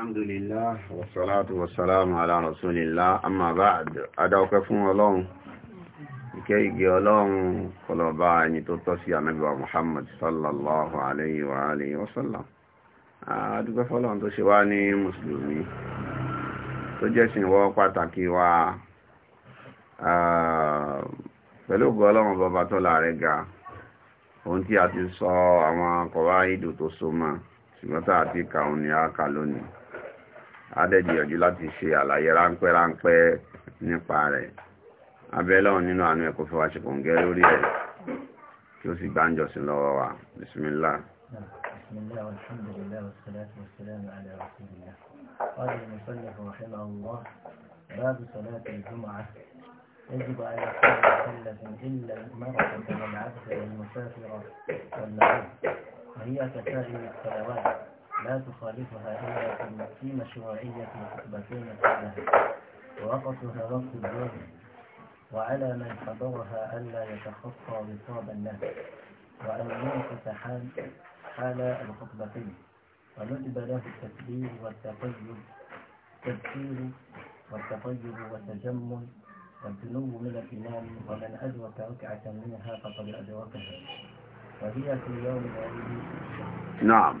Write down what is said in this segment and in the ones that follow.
alhamdulillah wasalatu wasalamu ala rasulillah amma ba'd adáwọ́pẹ́ fún ọlọ́run ìkẹ́ ìgẹ́ ọlọ́run kọlọ̀bá ẹni tó tọ́ sí ànábì wa muhammad sallallahu alayhi wa alihi wa sallam adúgbẹ́ fọ́lọ́run tó ṣe wá ní mùsùlùmí tó jẹ́sìn wọ́ pàtàkì wa pẹ̀lú ògbọ́ ọlọ́run bọba tó láàrẹ ga ohun tí a ti sọ àwọn kọ̀wá ìdò tó so mọ́ ṣùgbọ́n tá ti kà òun ni lónìí adẹ́gbìyànjú láti ṣe àlàyé ráńpẹ́ ráńpẹ́ nípa rẹ̀ abẹ́lọ́run nínú àánú ẹ̀kọ́ fẹ́ wá ṣe kò ń gẹ́ lórí ẹ̀ kí ó sì gbáǹjọsìn lọ́wọ́ wa bisimilá. bismillah walhamdulillah wassalatu wassalamu ala rasulillah qala al يجب أن يكون مكلف إلا المرأة والعبد والمسافر والمريض وهي كسائر الصلوات لا تخالفها إلا في مشروعية الخطبتين كلها ووقتها وقت الظهر وعلى من حضرها ألا يتخطى وصاب النهي وأن ينقص حال حال الخطبتين ونجب له التكبير والتطيب التذكير والتطيب والتجمل والدنو من الإمام ومن أدرك ركعة منها فقد أدركها وهي في يوم العيد نعم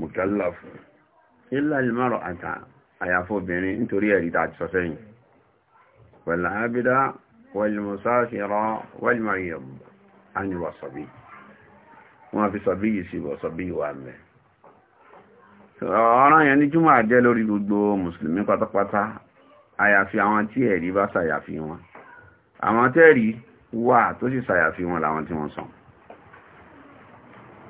mùkálàfù ilá ìmọ̀rọ̀ àtà àyàfọ́ obìnrin nítorí ẹ̀rí tá a ti sọ sẹ́yìn pẹ̀lú àbídá wàlìmọ̀sáṣìrọ̀ wàlìmọ̀yẹ̀m ánìwà sọ̀bí wọ́n fi sọ̀bí yìí sí wọ̀ sọ̀bí ìwà mẹ́ ọ̀ràn yẹn ní júmọ̀ àjẹ́ lórí gbogbo mùsùlùmí pátápátá àyàfi àwọn tí ẹ̀rí bá ṣàyàfi wọn àwọn tẹ́ẹ̀rí wà tó sì ṣàyàfi wọn làwọn tí wọ́n sàn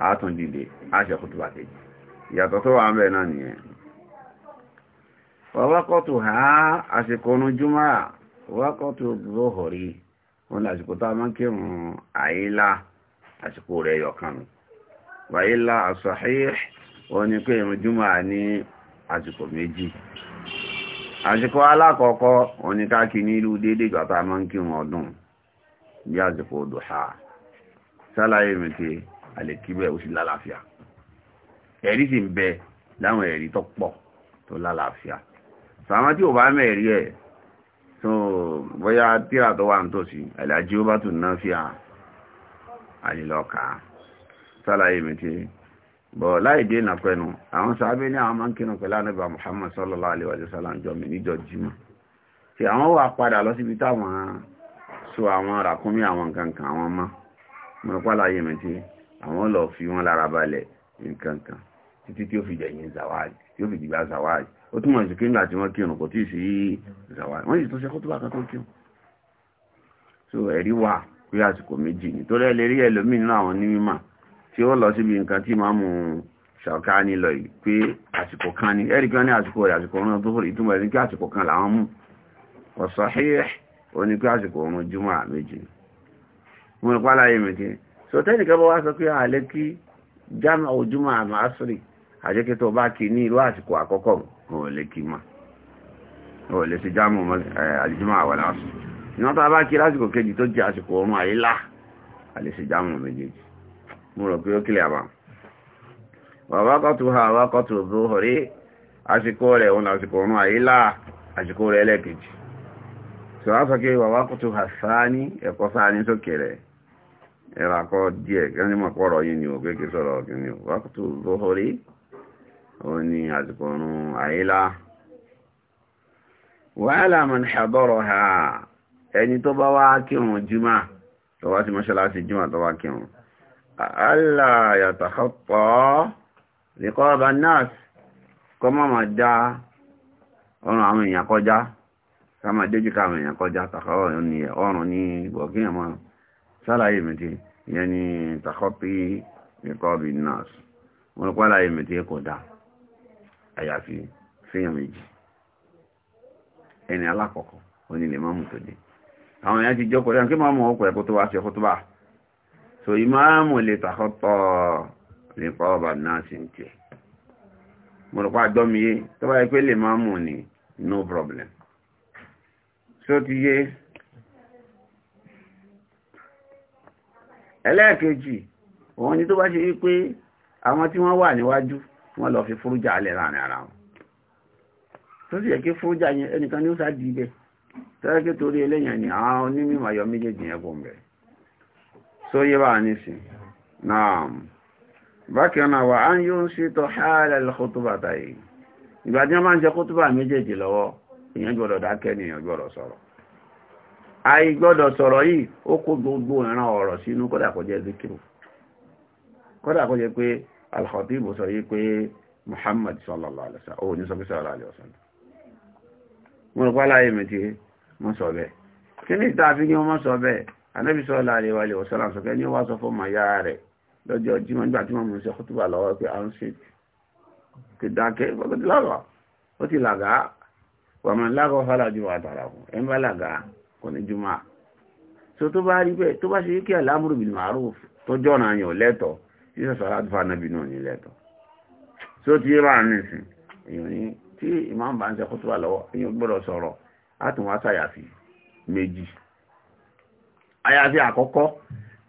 àátún dìde àṣẹ kútùbà kejì ìyàtọ̀ tó wà ń bẹ̀ náà nìyẹn wọ́wọ́kọ̀tù ha àsìkò ọ̀nà jùmọ́ wọ́wọ́kọ̀tù lóhòrí wọn lásìkò tó a máa ń kírun àyílá àsìkò rẹ̀ yọkan nù wàyílá àṣàhíh wọn ni pé ìrun jùmọ́ ní àsìkò méjì àsìkò alákọ̀ọ́kọ́ wọn ni káàkì ní ìlú déédéé ìgbà tó a máa kírun ọdún bí àsìkò dùhà sálàyé mi ti àlèkí bẹ́ẹ̀ ó sì lálàáfíà ẹ̀rí sì ń bẹ láwọn ẹ̀rí tó pọ̀ tó lálàáfíà sàmá tí ò bá mẹ́rí ẹ̀ tó bóyá tíra tó wà nítòsí àlàjí ó bá tún náà fi àlèlọ́ka sálàyé mi ti bọ̀ láì dé nà pẹ́nu àwọn sàábẹ́ ní àwọn máa ń kínú pẹ̀lú ànábà Muhammad sallallahu alaihi wa sallam jọ mi níjọ jímọ̀ tí àwọn wà padà lọ síbi táwọn so àwọn ràkúnmí àwọn nǹkan àwọn ọmọ mọ̀rọ̀pá láyé mi ti àwọn lọ fi wọn lára balẹ̀ nǹkan kan títí tí ó fi jẹ̀yìn zawaj tí ó fi dìgbà zawaj ó túmọ̀ sí kíńgbà tí wọ́n kírun kò tíì sí zawaj wọ́n sì tún ṣe kó tó bá kan tó kírun so ẹ̀rí wà pé àsìkò méjì nítorí ẹ lè rí ẹlòmíì nínú àwọn onímọ̀ tí ó lọ síbi nǹkan tí máa mú ṣàká lọ yìí pé àsìkò kan ní ẹ̀rí kan ní àsìkò rẹ̀ àsìkò ọ̀run tó fòrò ìtumọ̀ ẹni pé àsìkò kan làwọn mú ọ̀sán ó ní pé àsìkò ọ̀run júmọ̀ méjì mo rò pálá yìí mi kí sọtẹ́nì nke bá wá sọ pé àlẹ́ kí jama ojúmọ̀ àmà asiri àjẹ́kẹ́ tó bá kí ní ìlú àsìkò àkọ́kọ́ ò lè ma ò lè sí jama àlìjúmọ̀ àwọn asiri iná tó bá kí lásìkò kejì tó jẹ́ àsìkò ọrùn àyílá àlè sí jama méjèèjì pé ó kílẹ̀ ha bàbá kọ́tù ìrakọ́ díẹ̀ kí ní mọ̀pọ̀rọ̀ yìí ni ò kéèké sọ̀rọ̀ kìíní wákùtù lóhórí ó ní àsìkò ọ̀run àyílá wàhálà mọ̀n ṣàbọ̀rọ̀ ha ẹni tó bá wá kírun jímà tó wá sí mọ́ṣáláṣí tó wá kírun sálàyé mi ti ìyẹn ni takọ́pì nìkọ́bì nọ́ọ̀sì wọn lọ́pọ̀ àlàyé mi ti kò dá àyàfi fíyàn méjì ẹni alákọ̀ọ́kọ́ òní lè máàmù tó dé àwọn èèyàn ti jókòó dáhùn kí máàmù ọkọ̀ ẹ̀kọ́ tó wá ṣe ọkọ̀ tó bá so ìmáàmù lè takọ́pọ̀ nìkọ́bà nọ́ọ̀sì ń tiẹ̀ mo lọ́pọ̀ àgbọ́miyé tó bá yẹ pé lè máàmù ni no problem so ti yé ẹlẹ́ẹ̀kejì òun ni tó bá ṣe wípé àwọn tí wọ́n wà níwájú wọ́n lọ fi fúrújà alẹ́ láàrin ara wọn tó sì yẹ kí fúrújà yẹn ẹnìkan ní ó sáà di ibẹ̀ tẹ́lẹ̀ kí torí eléyàn ni àwọn onímọ̀ ayọ̀ méjèèjì yẹn kò ń bẹ̀ só yé bá ní sí náà bákan náà wà á ń yóò ń sí tọ́ hálà lọ́kọ́tùbà táyé ìgbà tí wọ́n máa ń jẹ kótùbà méjèèjì lọ́wọ́ ìyẹn ni ìyẹn gbọ́dọ̀ àìgbọ́dọ̀ sọ̀rọ̀ yìí ó kó gbogbo ìran ọ̀rọ̀ sínú kódà kó jẹ́ zikiru kódà kó jẹ́ pé al-Khatib sọ yìí pé Muhammad sallallahu alaihi wasallam ó ní sọ pé sallallahu alaihi wasallam mo rò pálá yìí mẹ́tí mọ́ sọ bẹ́ẹ̀ kí ní ìta fi ní wọ́n sọ bẹ́ẹ̀ anábì sallallahu alaihi wasallam sọ pé ní wá sọ fún ọmọ ìyá rẹ̀ lọ́jọ́ kò ní jùmọ́ so tó bá rí bẹ́ẹ̀ tó bá ṣe kí alámúrò bil ma'ruf tó jọ́nà yàn lẹ́tọ̀ tí sọ̀sọ̀ aláàdúfà náà bínú ní lẹ́tọ̀ so tí yẹ́ bá ní ìsìn èèyàn ní tí ìmáà bá ń ṣe kótó wà lọ́wọ́ èèyàn gbọ́dọ̀ sọ̀rọ̀ látùn wá sàyàfi méjì àyàfi àkọ́kọ́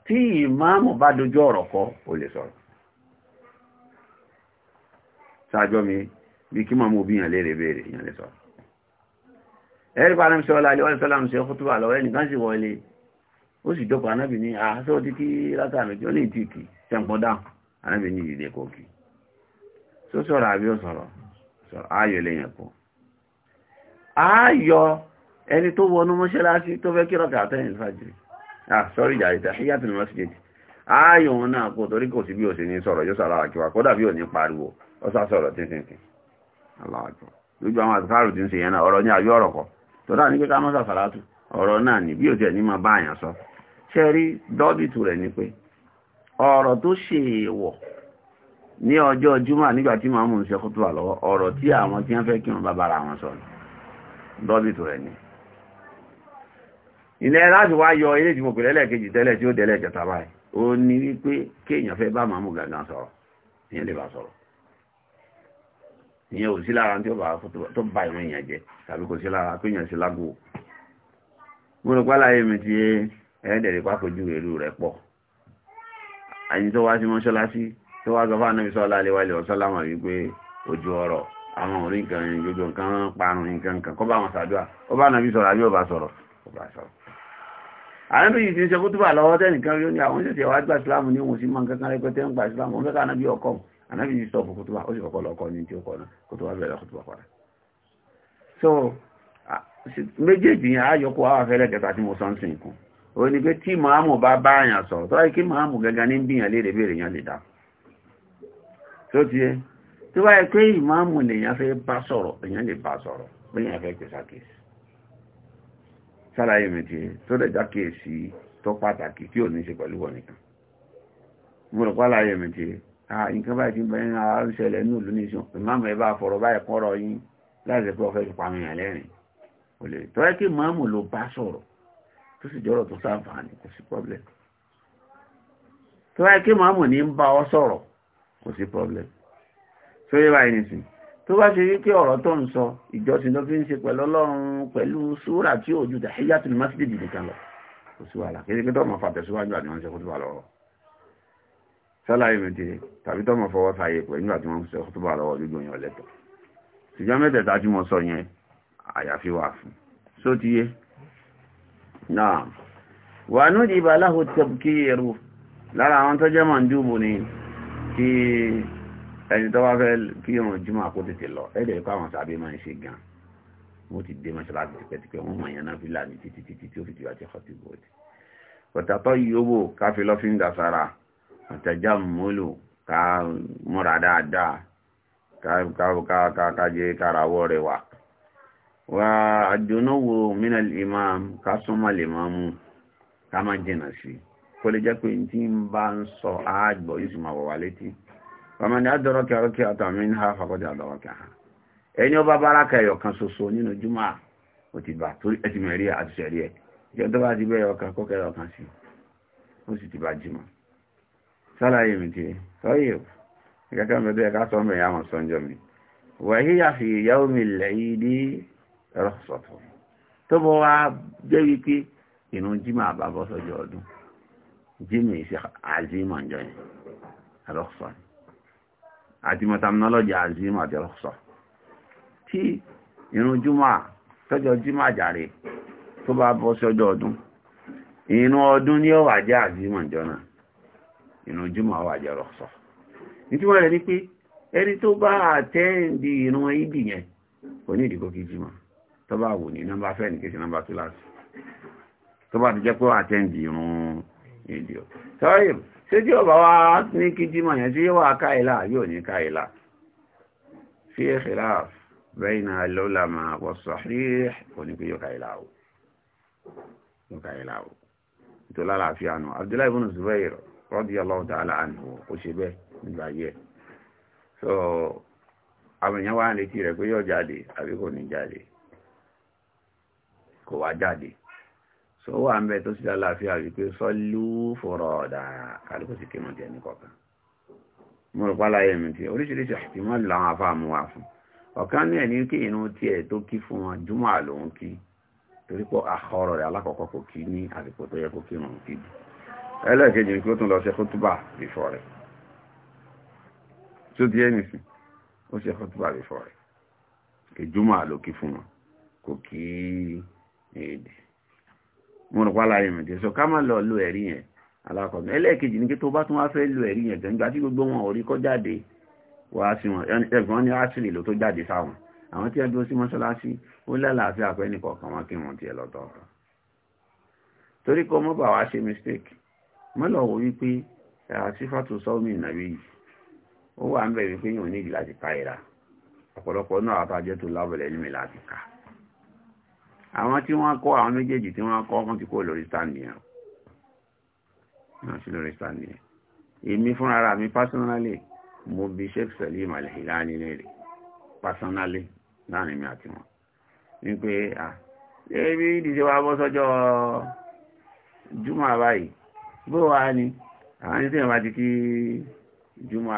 tí ìmáàmù bá dojú ọ̀rọ̀ kọ ò lè sọ̀rọ̀ ṣáájọ́ mi bí kí màmú obìyàn lè rè béèrè èèyàn lè sọ̀rọ̀ ẹ̀rí pa anábì sọ́lá alẹ́ ọ̀sọ́lá ṣe ọkùtùbà lọ́wọ́ ẹnìkan sì wọlé ó sì dọ́pọ̀ anábì ní àásọ́ ah, tí kí látàmì tí ó ní ìtìkì tẹ́ǹpọ̀ dáhùn anábì ní ìdílé kòkì tó sọ̀rọ̀ àbí ó sọ̀rọ̀ ayọ̀ lẹ́yìn ẹ̀kọ́ ayọ̀ ẹni tó wọnú mọ́ṣáláṣí tó fẹ́ kírọ̀kà àtẹ́yìn fàjìrì ah sorry jàre tahiyatul masjid ayọ̀ wọn náà kò torí kò sí bí ó ṣe ní sọ̀rọ̀ yóò sọ̀rọ̀ àkíwá kódà bí ò ní pariwo tọ́lá ní pé ká mọ́sà sàlátù ọ̀rọ̀ náà ní bí òtí ẹ̀ ní máa bá àyàn sọ ṣe rí dọ́bìtù rẹ̀ ni pé ọ̀rọ̀ tó ṣe èèwọ̀ ní ọjọ́ júmọ̀ nígbà tí màmú ń ṣe kó tó wà lọ́wọ́ ọ̀rọ̀ tí àwọn tí wọ́n fẹ́ kí wọ́n bá bára wọn sọ ni dọ́bìtù rẹ̀ ni ilẹ̀ láti wá yọ ilé ìdìbò pẹ̀lẹ́ lẹ́ẹ̀kejì tẹ́lẹ̀ tí ó dẹ̀lẹ̀ kẹta báyìí ó ní wípé kéèyàn fẹ́ bá màmú gangan sọ̀rọ̀ ìyẹn ò sí lára tí ó bá tó bá ìwọ̀n èèyàn jẹ tàbí kò sí lára pé èèyàn sí lágbo mo rò pálá yé mi ti ẹ̀ẹ́dẹ̀rẹ̀ pápójú èrú rẹ̀ pọ̀ àyìn tó wá sí mọ́ṣáláṣí tó wá sọ fún anábì sọ́lá aléwálé ọ̀sọ́lámà wípé ojú ọ̀rọ̀ àwọn orí nǹkan ìjọjọ nǹkan parun nǹkan nǹkan kọ́ bá wọn ṣàdúrà ó bá anábì sọ̀rọ̀ àbí ó bá sọ̀rọ̀ àwọn méjì ti ń ṣe kútùbà lọ́wọ́ tẹ́nìkan yóò ní àwọn ṣẹ̀ṣẹ̀ wá gbà sílámù ní òun sí mọ́ nǹkan kan rẹpẹtẹ ń gbà sílámù ó fẹ́ ká anábì ọkọ̀ ànábì yìí sọ̀fù kútùbà ó sì kọ́kọ́ lọ́kọ́ ní tí ó kọ́ náà kútùbà bẹ̀rẹ̀ kútùbà padà so méjèèjì yẹn ayọ̀kú àwọn afẹ́lẹ́ kẹta tí mo sọ ń sìn kún ó ní pé tí màámù bá bá àyàn sọ̀rọ̀ tó yẹ kí màámù gẹ́gẹ́ ní bíyàn léèrè béèrè yẹn lè dá tó ti yẹ tó bá yẹ pé ìmáàmù lèyàn fẹ́ bá sọ̀rọ̀ èyàn lè bá sọ̀rọ̀ bẹ́yàn fẹ́ pèsè àkíyèsí sálàyé mi ti tó lè jákèsí tó pàtàkì tí ò ní ṣe pẹ̀lú wọn nìkan mo rò pálàyé mi ti nǹkan báyìí ti bẹ̀rẹ̀ náà àrùn ṣẹlẹ̀ ní òlú ní ìṣùn ìmáàmù ẹ bá fọ̀rọ̀ báyìí kọ́rọ̀ yín láti pé ọ̀fẹ́ ti pàmì yàn lẹ́rìn kò lè tọ́ ẹ́ kí ìmáàmù ló bá sọ̀rọ̀ tó sì jọ́rọ̀ tó sáǹfààní kò sí problem tọ́ ẹ́ kí ìmáàmù ní ń bá ọ sọ̀rọ̀ kò sí problem tó yẹ báyìí nìsín tó bá ṣe wípé ọ̀rọ̀ tó ń sọ ìjọsìn ló fi ń ṣe pẹ̀lú ọlọ́run pẹ̀lú súrà tí òjú tàhíyàtùl masjid nìkan lọ kò sí wàhálà kí ẹni pé tó ọmọ fàtẹ̀síwájú àdìmọ́ṣe kó tó bá lọ́rọ̀ sọ́láyé mẹ́tẹ́ tàbí tọ́mọ̀ fọwọ́ sáyé pẹ̀ nígbà tí wọ́n sọ tó bá lọ́wọ́ gbogbo yẹn lẹ́tọ̀ ṣùgbọ́n mẹ́tẹ̀ẹ̀ta tí wọ́n sọ yẹn àyàfi wà fún só ti yé náà wà ní ìdí ìbá aláhùn tẹ́bùkí ẹrù lára àwọn tó jẹ́ màndúbù ni kí ẹni tó bá fẹ́ kí ìrùn jùmọ̀ àkó tètè lọ ẹ̀dẹ̀ ikú àwọn sàbí máa ń ṣe gan mo ti dé mọ́ṣáláṣí tipẹ́tipẹ́ àtẹ̀já múlò ká múra dáadáa ká jẹ́ kárawọ́ wà wà àjọnáwó mínal imam ká súnmọ́ lè máa mú ká má jìnà sí kó lè jẹ́ pé tí ń bá ń sọ ààgbọ̀ yìí sì máa wọ̀ létí ọmọdé adọ́rọ́kẹ́ ọ̀rọ́kẹ́ àtàmì ń ha fàkọ́jà àdọ́rọ́kẹ́ ha ẹni ọba kan nínú ti torí ìjọba sálàyé mi ti sọ́yẹ̀ ìkẹ́kẹ́ mẹ́dọ́ ẹ̀ká sọ mẹ́rin àwọn sọ́njọ́ mi wàhíyà fi ìyàwó mi lẹ́yìn ní ẹ̀rọ sọ̀tọ̀ tó bọ́ wá jẹ́ wípé inú jímọ̀ àbábọ́ sọ́jọ́ ọdún jímọ̀ ìṣe àzímọ̀ ń jọyìn ẹ̀rọ sọ àti mọ̀tàmínọ́lọ́jì àzímọ̀ àti ẹ̀rọ sọ tí inú jímọ̀ sọ́jọ́ jímọ̀ àjàre tó bá bọ́ sọ́jọ́ ọdún inú ọdún ni ó wà jẹ́ àzímọ̀ ń náà ìrun jùmọ̀ wà jẹ́ rọ̀sọ̀ nítorí rẹ̀ ni pé ẹni tó bá àtẹ́ǹdì ìrun ìdì yẹn kò ní ìdíkò kí jùmọ̀ tó bá wù ní nọ́mbà fẹ́ nìkejì nọ́mbà tó láti tó bá ti jẹ́ pé àtẹ́ǹdì ìrun ìdì ọ̀ sọ́yìn ṣé tí ọba wa ní kí jùmọ̀ yẹn tí wà káìlà yóò ní káìlà fi khilaf bayna al-ulama wa sahih kò ní pé yóò radiyallahu ta'ala anhu ó ṣe bẹ́ẹ̀ nígbà ayé so àwọn èèyàn wá ń retí rẹ̀ pé yóò jáde àbí kò ní jáde kò wá jáde so wà ń bẹ tó sì lálàáfíà wípé sọ́lú fọ́rọ̀ ọ̀dà kálukú sí kémọ̀ jẹ́ nìkọ̀ọ̀kan mo rò pálayé mi tí oríṣiríṣi àtìmọ́lù làwọn afáàmù wà fún ọ̀kan ní ẹni kí inú tiẹ̀ tó kí fún wọn júmọ́ àlòun kí torí pé àkọ́rọ̀ rẹ̀ alákọ̀ọ́kọ́ kò kí ní àsìkò tó yẹ kó kírun kí jù ẹlẹ́ẹ̀kejì kí ó tún lọ ṣe kútùbà bìfọ́ rẹ̀ tó di ẹnìsì ó ṣe kútùbà bìfọ́ rẹ̀ ìjúmọ̀ àlòkí fún wọn kò kí èdè mo rò pálá ìmọ̀ tí sọ ká má lọ lo ẹ̀rí yẹn alákọ̀ọ́nù ẹlẹ́ẹ̀kejì ní kí tó bá tún wá fẹ́ lo ẹ̀rí yẹn gbẹ̀ngbà tí gbogbo wọn ò kọ́ jáde wá sí wọn àwọn tí wọ́n dúró sí mọ́ṣáláṣí ó lálàáfíà pé ẹnì kọ̀ọ̀kan wọn kí wọn tiẹ̀ lọ́tọ̀ọ̀tọ̀ torí kó mọ́ wá ṣe mistake mọ́lọ̀ wò wípé sífàtò sọ́ọ̀mì ìnàbí yìí ó wà ń bẹ̀ wípé yìí ò ní ìdí láti ka ìra ọ̀pọ̀lọpọ̀ náà àtàjẹ́ tó lábọ̀lẹ̀ ní mi láti ka àwọn tí wọ́n kọ́ àwọn méjèèjì tí wọ́n kọ́ wọ́n ti kó lórí stand yẹn náà sí lórí stand yẹn èmi fúnra ra mi personally mo bi Sheikh Salim Al-Hilali nílé personally láàrin mi àti wọn wípé à ẹbí ìdíje wa bọ́ sọ́jọ́ júmọ̀ báyìí bó wá ní àwọn ẹni tí wọ́n bá ti kí jùmọ̀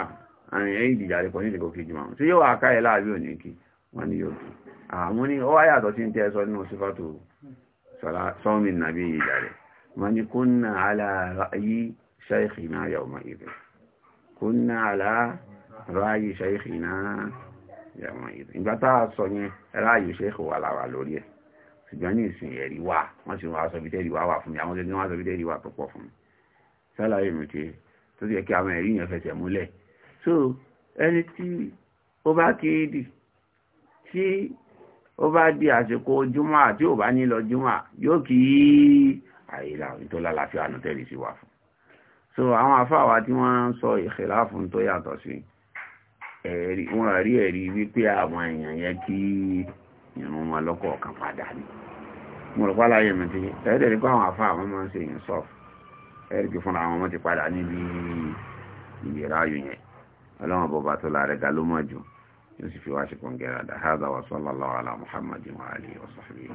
àrìn ẹ̀yìn ìdìjà rẹ̀ pọ̀ ní ìdìbò kí jùmọ̀ tí yóò wá ká ẹ̀ láàbí òní kí wọ́n ní yóò kí àwọn ní ọwá yàtọ̀ sí tẹ́ sọ nínú sífàtò sọ́ọ̀mì nàbí ìjà rẹ̀ wọ́n ní kúnnà aláàyí ṣáìkìnà yàwó ìbẹ̀ kúnnà aláàyí ṣáìkìnà yàwó ìbẹ̀ ìgbà tá a sọ yẹn ráàyè ṣáìkì wà láwà lórí ẹ̀ ṣùgbọ́n ní ìsìn ẹ̀rí wà wọ́n sì wá sọ bí tẹ́rí wà wà fún mi àwọn tẹ́rí sálàyé mi tiẹ̀ tó ti yẹ kí àwọn ẹ̀rí yẹn fẹsẹ̀ múlẹ̀ so ẹni tí ó bá kéèdì tí ó bá di àsìkò júmọ́ àti ò bá ní lọ júmọ́ yóò kí àyílà tó lálàáfíà nù sí wa fún so àwọn afáwa tí wọ́n ń sọ ìkìlá fún tó yàtọ̀ sí ẹ̀rí wọ́n rí ẹ̀rí wípé àwọn èèyàn yẹ kí ìrún wọn lọ́kọ̀ọ̀kan padà ní mo rò pálá yẹn mi ti ẹ̀ẹ́dẹ̀rí pé àwọn afáwa máa ń ṣe ìyẹn sọ́ọ̀fù ẹ̀rìkì fúnra àwọn ọmọ ti padà níbi ìyẹ̀rá ayò yẹn ọlọ́wọ́n bọba tó láàrẹ̀ ga ló mọ̀ jù yóò sì fi wá ṣe kún gẹ̀rẹ́ àdá hádà wa sallallahu ala muhammadin wa alihi wa sahbihi